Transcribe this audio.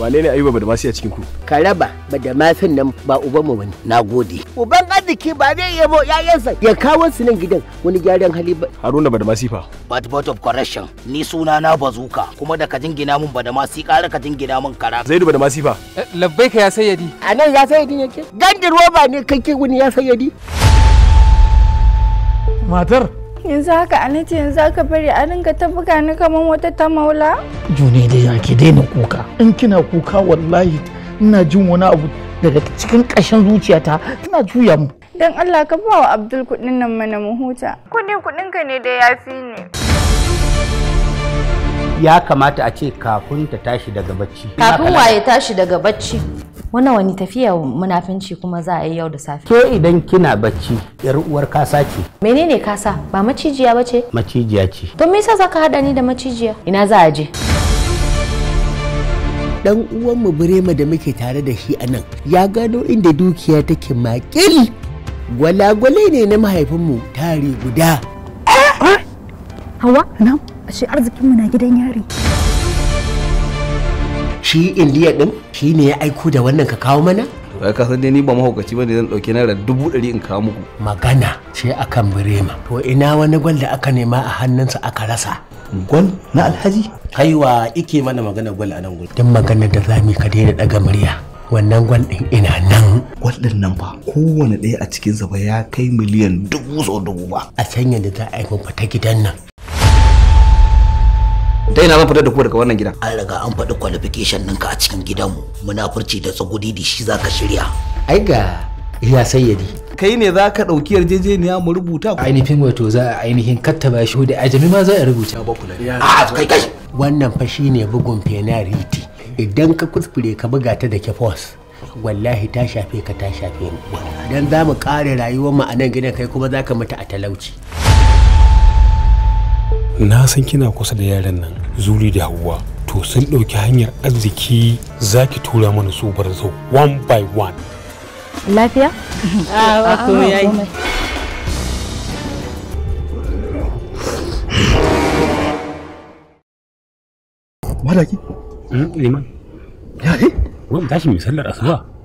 wane ne ayuba badamasi a cikin ku ka raba badamasin nan ba uban mu bane nagode uban arziki ba zai bo yayansa ya kawo su nan gidan wani gyaran hali ba haruna badamasi fa bad but of correction ni suna na bazuka kuma da ka jingina mun badamasi kara ka jingina mun kara zaidu badamasi fa eh, ka ya sayyadi a nan ya sayyadi yake gandin roba ne kake wani ya sayyadi matar yanzu haka anace yanzu haka bari a ringa ta buga ni kamar wata ta maula juni dai ya ke daina kuka in kina kuka wallahi ina jin wani abu daga cikin ƙashin zuciyata tana juya mu dan Allah ka ba wa Abdul kuɗin nan mana mu huta kuɗin kuɗin ka ne da yafi ne ya kamata a ce kafin ta tashi daga bacci kafin waye tashi daga bacci wannan wani tafiya munafinci kuma za a yi yau da safe ke idan kina bacci yar uwar kasa ce menene kasa ba macijiya ba ce macijiya ce to me yasa zaka hada ni da macijiya ina za a je dan uwanmu birema da muke tare da shi anan ya gano inda dukiya take makil gwalagwale ne na mahaifinmu tare guda eh, eh. hawa na ashe arzikinmu na gidan yari shi indiya din shi ne ya aiko da wannan ka kawo mana wai ka san dai ni ba mahaukaci bane zan dauke naira dubu ɗari in kawo muku magana ce akan birema to ina wani gwal da aka nema a hannunsa aka rasa gwal na alhaji haiwa ike mana magana gwal a nan gwal duk magana da zami ka daina daga murya wannan gwal din ina nan gwal din nan ba kowane ɗaya a cikin zaba ya kai miliyan dubu sau dubu ba a sanya da za a yi ta gidan nan ta ina zan fitar da ku daga wannan gidan an riga an faɗi qualification ɗinka a cikin gidanmu muna furci da tsagudi da shi zaka shirya ai ga ya sayyadi kai ne za ka ɗauki yarjejeniya mu rubuta ainihin wato za a ainihin kattaba shi da ajami ma za a rubuta ba a kai kai wannan fa shi ne bugun penalty idan ka kuskure ka buga ta da kefos. wallahi ta shafe ka ta shafe mu dan za mu kare rayuwar mu a nan gidan kai kuma za ka mutu a talauci na san kina kusa da yaran nan zuri da hawa to sun ɗauki hanyar arziki za ki tura mana su bar zo one by one lafiya? a ko yayi malaki? Hmm, liman ya eh? yi? wani tashi misallar asuba